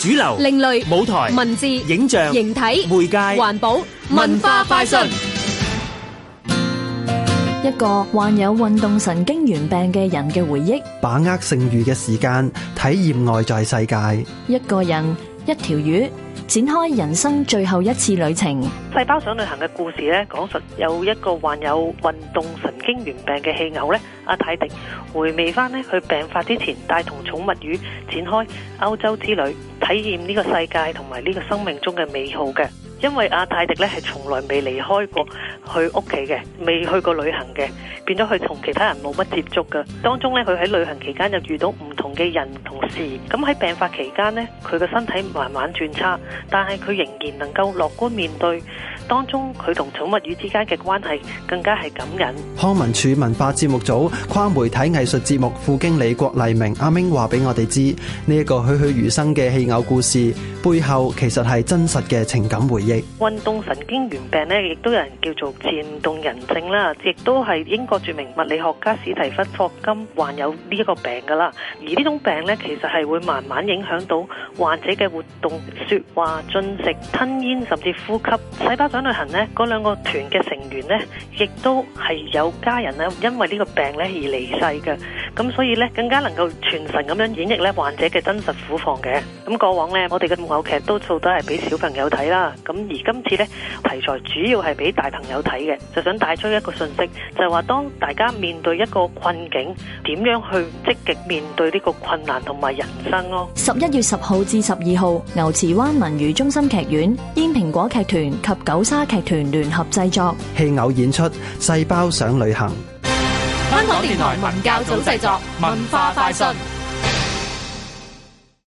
主流、另類舞台、文字、影像、形體、媒介、環保、文化快訊。一個患有運動神經元病嘅人嘅回憶，把握剩餘嘅時間，體驗外在世界。一個人，一條魚，展開人生最後一次旅程。細胞想旅行嘅故事咧，講述有一個患有運動神經元病嘅戲偶咧，阿泰迪回味翻咧佢病發之前，帶同寵物魚展開歐洲之旅。體驗呢個世界同埋呢個生命中嘅美好嘅，因為阿泰迪咧係從來未離開過去屋企嘅，未去過旅行嘅，變咗佢同其他人冇乜接觸嘅。當中咧，佢喺旅行期間就遇到。嘅人同事，咁喺病發期間呢，佢嘅身體慢慢轉差，但係佢仍然能夠樂觀面對。當中佢同寵物魚之間嘅關係更加係感人。康文署文化節目組跨媒體藝術節目副經理郭麗明阿明話俾我哋知，呢一個栩栩如生嘅戲偶故事背後，其實係真實嘅情感回憶。運動神經元病呢，亦都有人叫做漸凍人症啦，亦都係英國著名物理學家史提芬霍金患有呢一個病噶啦，而呢種病呢，其實係會慢慢影響到患者嘅活動、説話、進食、吞嚥，甚至呼吸，細胞長旅行呢，嗰兩個團嘅成員呢，亦都係有家人呢，因為呢個病呢，而離世嘅。咁所以呢，更加能夠全神咁樣演繹呢患者嘅真實苦況嘅。咁過往呢，我哋嘅木偶劇都做得係俾小朋友睇啦。咁而今次呢，題材主要係俾大朋友睇嘅，就想帶出一個訊息，就係話當大家面對一個困境，點樣去積極面對呢個困難同埋人生咯。十一月十號，至十二號，牛池灣文娛中心劇院，煙蘋果劇團及九沙劇團聯合製作，戲偶演出《細胞想旅行》。香港電台文教組製作，文化快訊。